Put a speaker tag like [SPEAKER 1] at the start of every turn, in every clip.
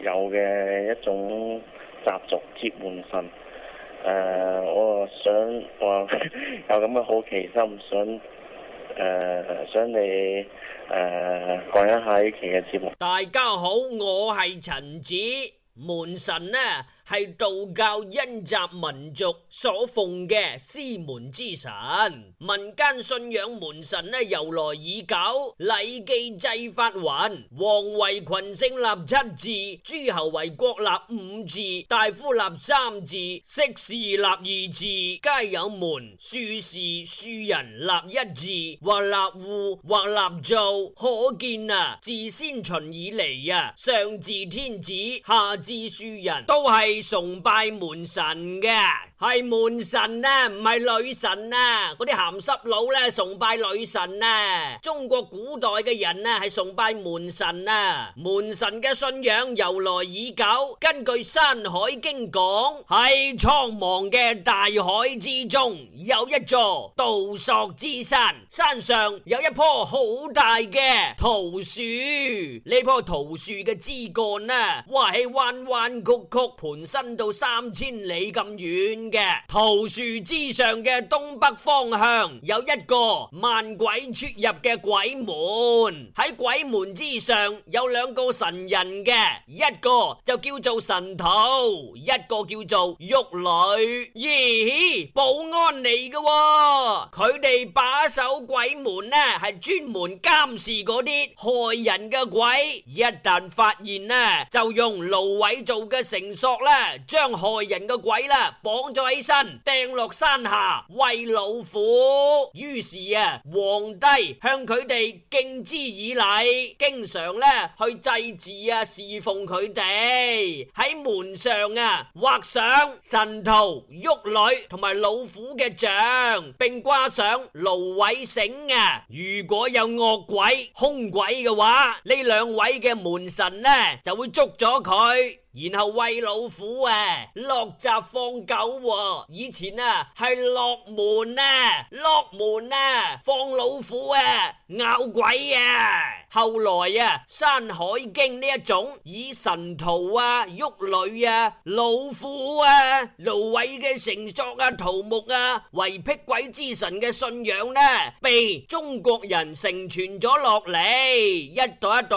[SPEAKER 1] 有嘅一種習俗，貼門神。誒、呃，我想話 有咁嘅好奇心想、呃，想誒想你誒、呃、講一下呢期嘅節目。大家好，我係陳子門神咧、啊。係道教因襲民族所奉嘅司門之神，民間信仰門神呢由來已久，禮記祭法云：王為群星立七字，諸侯為國立五字，大夫立三字，適士立二字，皆有門。庶士庶人立一字，或立戶或立灶。可見啊，自先秦以嚟啊，上至天子，下至庶人都係。崇拜門神嘅係門神啊，唔係女神啊。嗰啲咸濕佬咧崇拜女神啊。中國古代嘅人咧係崇拜門神啊。門神嘅信仰由來已久。根據《山海經》講，喺蒼茫嘅大海之中，有一座度朔之山，山上有一棵好大嘅桃樹。呢棵桃樹嘅枝幹啊，哇喺彎彎曲曲盤。伸到三千里咁遠嘅桃樹之上嘅東北方向有一個萬鬼出入嘅鬼門喺鬼門之上有兩個神人嘅一個就叫做神荼，一個叫做玉女咦保安嚟嘅、哦，佢哋把守鬼門咧係專門監視啲害人嘅鬼一旦發現咧就用蘆葦做嘅繩索啦。將害人嘅鬼啦綁咗起身，掟落山下餵老虎。於是啊，皇帝向佢哋敬之以禮，經常咧去祭祀啊，侍奉佢哋。喺門上啊畫上神荼、鬱壘同埋老虎嘅像，並掛上蘆葦繩啊。如果有惡鬼、凶鬼嘅話，呢兩位嘅門神咧就會捉咗佢。然後喂老虎啊，落閘放狗、哦。以前啊係落門啊，落門啊放老虎啊咬鬼啊。後來啊《山海經》呢一種以神荼啊、鬱壘啊、老虎啊、蘆葦嘅成作啊、桃木啊為辟鬼之神嘅信仰呢，被中國人承傳咗落嚟，一代一代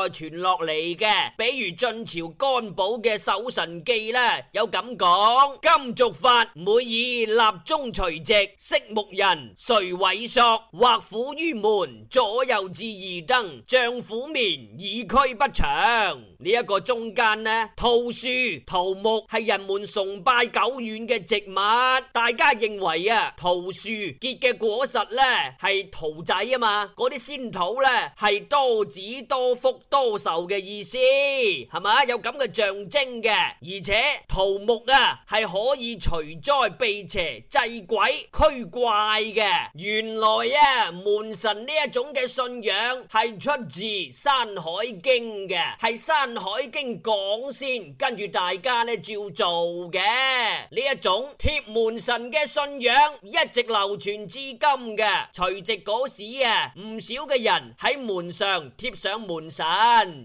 [SPEAKER 1] 傳落嚟嘅。比如晉朝干寶嘅。搜神記咧有咁講，今俗法每以臘終除夕，飾木人垂葦索，畫虎於門，左右置二燈，象虎面以祛不祥。呢一個中間呢，桃樹桃木係人們崇拜久遠嘅植物，大家認為啊，桃樹結嘅果實呢，係桃仔啊嘛，嗰啲仙桃呢，係多子多福多壽嘅意思，係咪？有咁嘅象徵。嘅，而且桃木啊係可以除災避邪，制鬼驅怪嘅。原來啊門神呢一種嘅信仰係出自《山海經》嘅，係《山海經》講先，跟住大家咧照做嘅，呢一種貼門神嘅信仰一直流傳至今嘅。除夕嗰時啊，唔少嘅人喺門上貼上門神，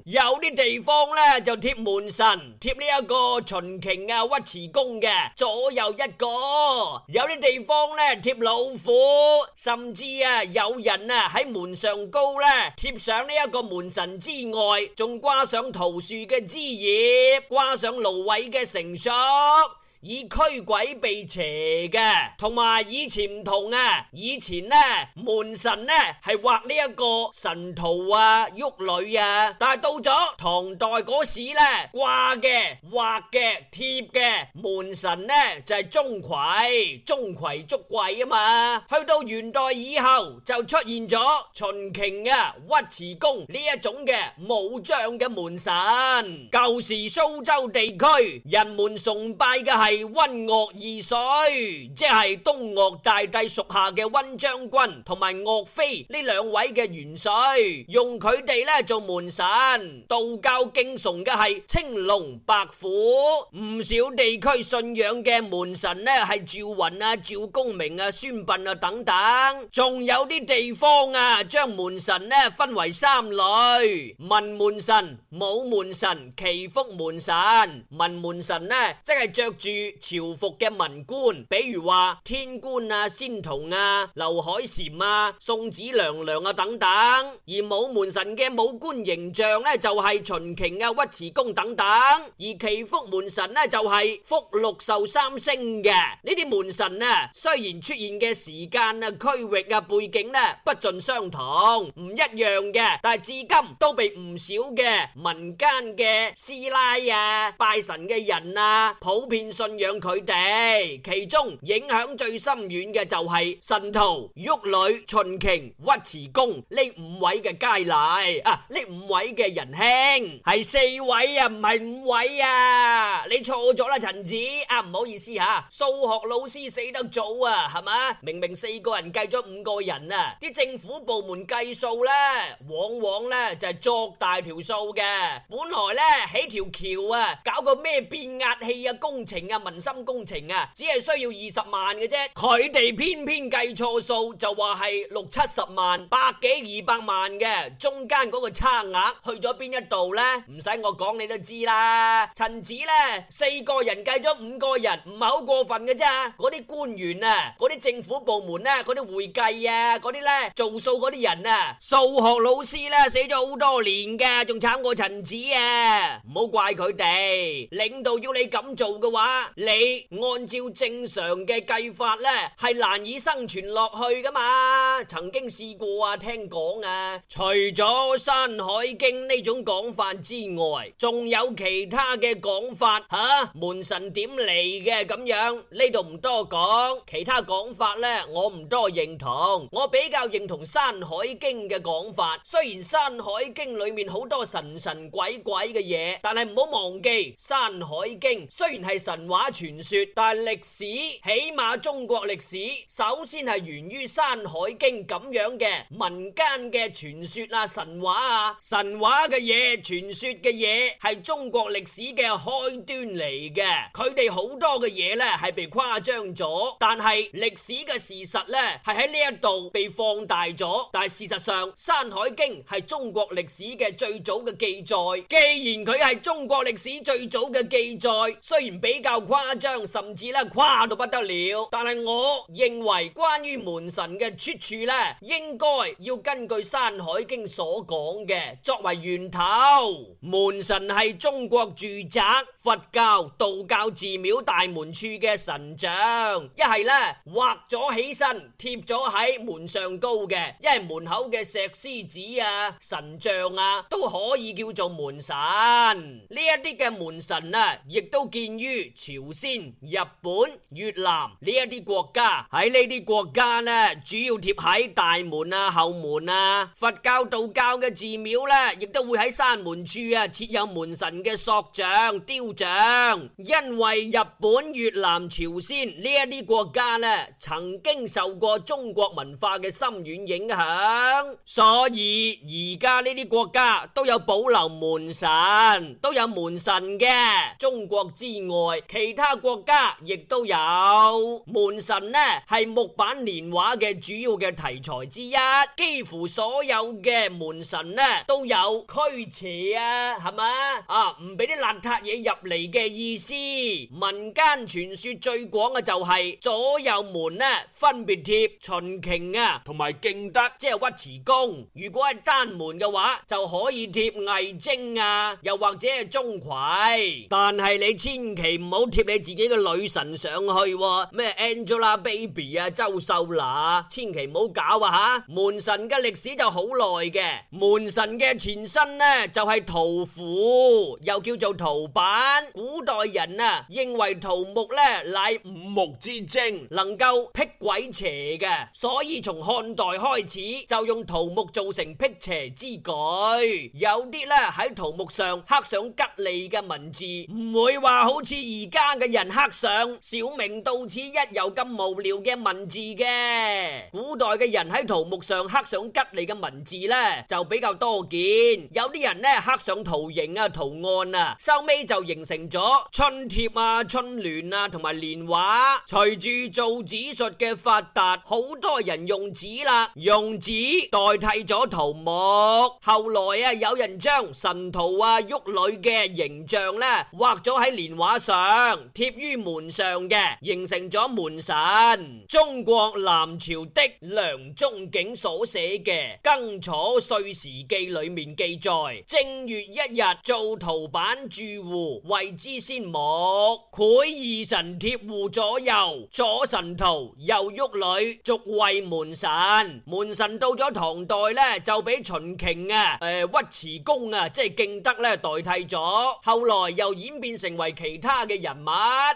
[SPEAKER 1] 有啲地方咧就貼門神貼。呢一個秦瓊啊、尉遲恭嘅左右一個，有啲地方咧貼老虎，甚至啊有人啊喺門上高咧貼上呢一個門神之外，仲掛上桃樹嘅枝葉，掛上蘆葦嘅繩索。以驅鬼避邪嘅，同埋以前唔同啊，以前呢門神呢係畫呢一個神荼啊、鬱壘啊，但係到咗唐代時呢掛嘅、畫嘅、貼嘅門神呢就係鍾馗，鍾馗捉鬼啊嘛。去到元代以後就出現咗秦瓊啊、尉遲恭呢一種嘅武將嘅門神。舊時蘇州地區人們崇拜嘅係，係溫岳二帥，即係東岳大帝屬下嘅溫將軍同埋岳飛呢兩位嘅元帥，用佢哋咧做門神。道教敬崇嘅係青龍白虎，唔少地區信仰嘅門神呢係趙雲啊、趙公明啊、孫臏啊等等。仲有啲地方啊，將門神呢分為三類：文門神、武門神、祈福門神。文門神呢，即係着住。朝服嘅文官，比如話天官啊、仙童啊、劉海蟾啊、送子娘娘啊等等；而武門神嘅武官形象咧，就係秦瓊啊、尉遲恭等等；而祈福門神咧，就係福祿壽三星嘅。呢啲門神啊，雖然出現嘅時間啊、區域啊、背景咧、啊、不盡相同，唔一樣嘅，但係至今都被唔少嘅民間嘅師奶啊、拜神嘅人啊普遍信。信仰佢哋，其中影響最深遠嘅就係神荼、鬱壘、秦瓊、尉遲恭呢五位嘅佳麗啊，呢五位嘅仁兄係四位啊，唔係五位啊，你錯咗啦，啊，陳子啊，唔好意思吓，啊，數學老師死得早啊，係嘛？明明四個人計咗五個人啊，啲政府部門計數咧，往往咧就係、是、作大條數嘅，本來咧起條橋啊，搞個咩變壓器啊工程啊。民心工程啊，只係需要二十萬嘅啫，佢哋偏偏計錯數，就話係六七十萬、百幾、二百萬嘅，中間嗰個差額去咗邊一度咧？唔使我講，你都知啦。陳子咧，四個人計咗五個人，唔係好過分嘅啫。嗰啲官員啊，嗰啲政府部門咧，嗰啲會計啊，嗰啲咧，做數嗰啲人啊，數學老師咧，死咗好多年嘅，仲慘過陳子啊！唔好怪佢哋，領導要你咁做嘅話。你按照正常嘅計法咧，係難以生存落去噶嘛？曾經試過啊，聽講啊，除咗《山海經》呢種講法之外，仲有其他嘅講法吓。門神點嚟嘅咁樣？呢度唔多講，其他講法咧，我唔多認同。我比較認同《山海經》嘅講法，雖然《山海經》裏面好多神神鬼鬼嘅嘢，但係唔好忘記，《山海經》雖然係神話。話傳說，但係歷史起碼中國歷史，首先係源於《山海經》咁樣嘅民間嘅傳說啊、神話啊、神話嘅嘢、傳說嘅嘢，係中國歷史嘅開端嚟嘅。佢哋好多嘅嘢咧係被誇張咗，但係歷史嘅事實咧係喺呢一度被放大咗。但係事實上，《山海經》係中國歷史嘅最早嘅記載。既然佢係中國歷史最早嘅記載，雖然比較，誇張甚至咧誇到不得了，但係我認為關於門神嘅出處咧，應該要根據《山海經》所講嘅作為源頭。門神係中國住宅、佛教、道教寺廟大門處嘅神像，一係咧畫咗起身貼咗喺門上高嘅，一係門口嘅石獅子啊、神像啊都可以叫做門神。呢一啲嘅門神啊，亦都見於朝鮮、日本、越南呢一啲國家，喺呢啲國家咧，主要貼喺大門啊、後門啊，佛教、道教嘅寺廟呢，亦都會喺山門處啊設有門神嘅塑像、雕像。因為日本、越南、朝鮮呢一啲國家咧，曾經受過中國文化嘅深遠影響，所以而家呢啲國家都有保留門神，都有門神嘅中國之外，其他國家亦都有門神呢，係木版年畫嘅主要嘅題材之一。幾乎所有嘅門神呢都有驅邪啊，係咪？啊，唔俾啲邋遢嘢入嚟嘅意思。民間傳說最廣嘅就係左右門呢、啊，分別貼秦瓊啊同埋敬德，即係尉遲恭。如果係單門嘅話，就可以貼魏徵啊，又或者係鍾馗。但係你千祈唔好。貼你自己嘅女神上去，咩 Angelababy 啊，周秀娜，千祈唔好搞啊吓！門神嘅歷史就好耐嘅，門神嘅前身咧就係桃符，又叫做桃板。古代人啊認為桃木咧乃五木之精，能夠辟鬼邪嘅，所以從漢代開始就用桃木做成辟邪之具，有啲咧喺桃木上刻上吉利嘅文字，唔會話好似而家。家嘅人刻上小明到此一遊咁無聊嘅文字嘅，古代嘅人喺桃木上刻上吉利嘅文字呢，就比較多見。有啲人呢刻上圖形啊、圖案啊，收尾就形成咗春貼啊、春聯啊同埋年畫。隨住造紙術嘅發達，好多人用紙啦，用紙代替咗桃木。後來啊，有人將神荼啊、鬱壘嘅形象呢畫咗喺年畫上。貼於門上嘅，形成咗門神。中國南朝的梁宗景所寫嘅《荊楚歲時記》裏面記載：「正月一日做圖板住戶為之先木。」繪二神貼戶左右，左神荼，右玉女，俗為門神。門神到咗唐代咧，就俾秦瓊啊、誒尉遲恭啊，即係敬德咧代替咗。後來又演變成為其他嘅人。物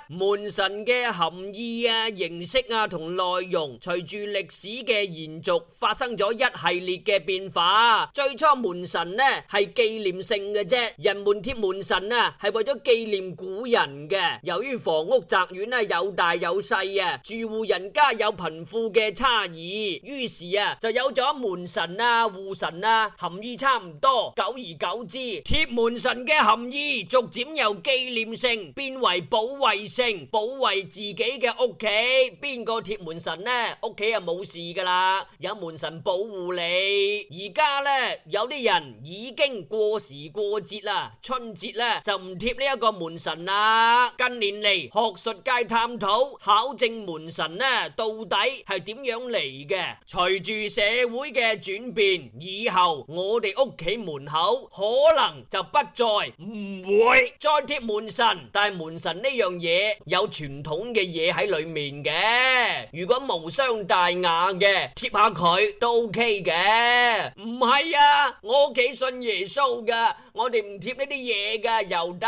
[SPEAKER 1] 門神嘅含義啊、形式啊同內容，隨住歷史嘅延續發生咗一系列嘅變化。最初門神呢係紀念性嘅啫，人們貼門神啊係為咗紀念古人嘅。由於房屋宅院啊有大有細啊，住戶人家有貧富嘅差異，於是啊就有咗門神啊、戶神啊，含義差唔多。久而久之，貼門神嘅含義逐漸由紀念性變為。保衛性，保衛自己嘅屋企，邊個貼門神呢？屋企就冇事噶啦，有門神保護你。而家呢，有啲人已經過時過節啦，春節呢，就唔貼呢一個門神啦。近年嚟學術界探討考證門神呢，到底係點樣嚟嘅？隨住社會嘅轉變，以後我哋屋企門口可能就不再唔會再貼門神，但係門神。呢樣嘢有傳統嘅嘢喺裏面嘅，如果無傷大雅嘅貼下佢都 OK 嘅。唔係啊，我屋企信耶穌噶，我哋唔貼呢啲嘢噶又得。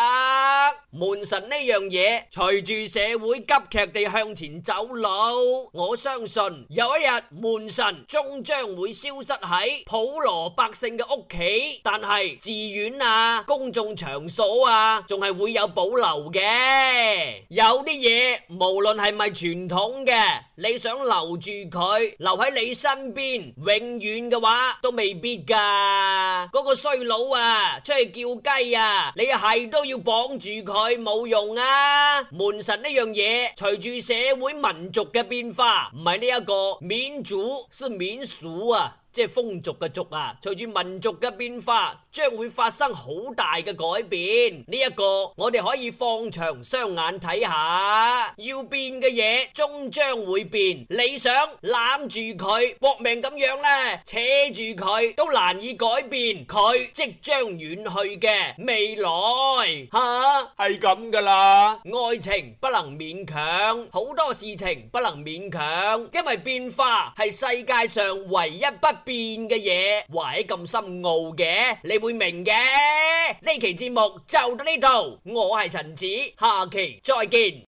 [SPEAKER 1] 門神呢樣嘢隨住社會急劇地向前走路。我相信有一日門神終將會消失喺普羅百姓嘅屋企，但係寺院啊、公眾場所啊，仲係會有保留嘅。有啲嘢無論係咪傳統嘅，你想留住佢留喺你身邊，永遠嘅話都未必㗎。嗰、那個衰佬啊，出去叫雞啊，你係都要綁住佢冇用啊。門神呢樣嘢，隨住社會民族嘅變化，唔係呢一個免祖，是免俗啊。即係風俗嘅俗啊！隨住民族嘅變化，將會發生好大嘅改變。呢、這、一個我哋可以放長雙眼睇下，要變嘅嘢終將會變。你想攬住佢搏命咁樣咧，扯住佢都難以改變，佢即將遠去嘅未來吓係咁噶啦。啊、愛情不能勉強，好多事情不能勉強，因為變化係世界上唯一不。變嘅嘢，話起咁深奧嘅，你會明嘅。呢期節目就到呢度，我係陳子，下期再見。